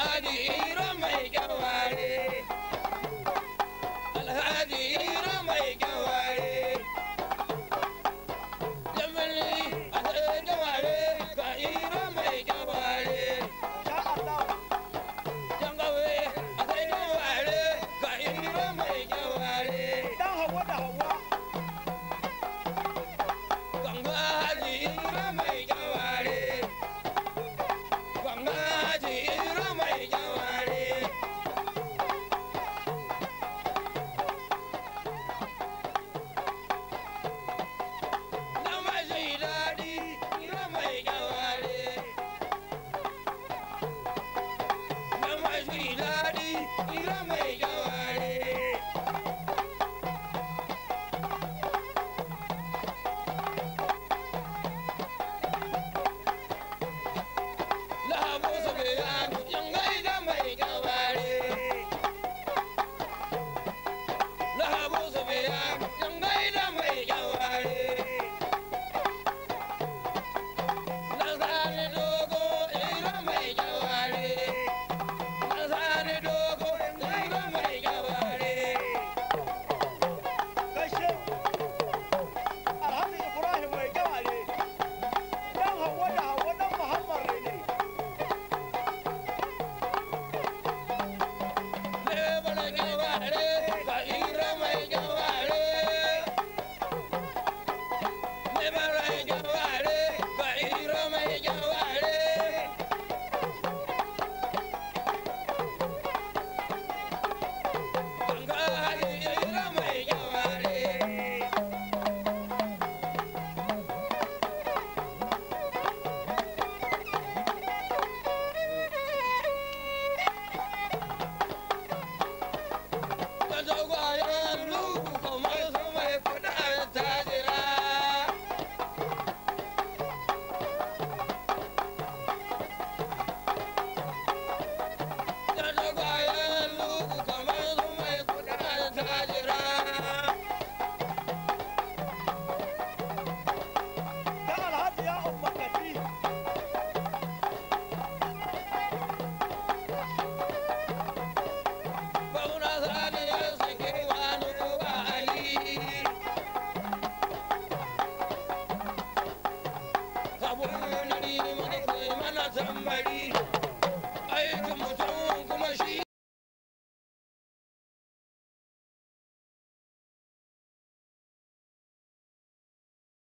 al'adu iro mai kyaware America. Almighty.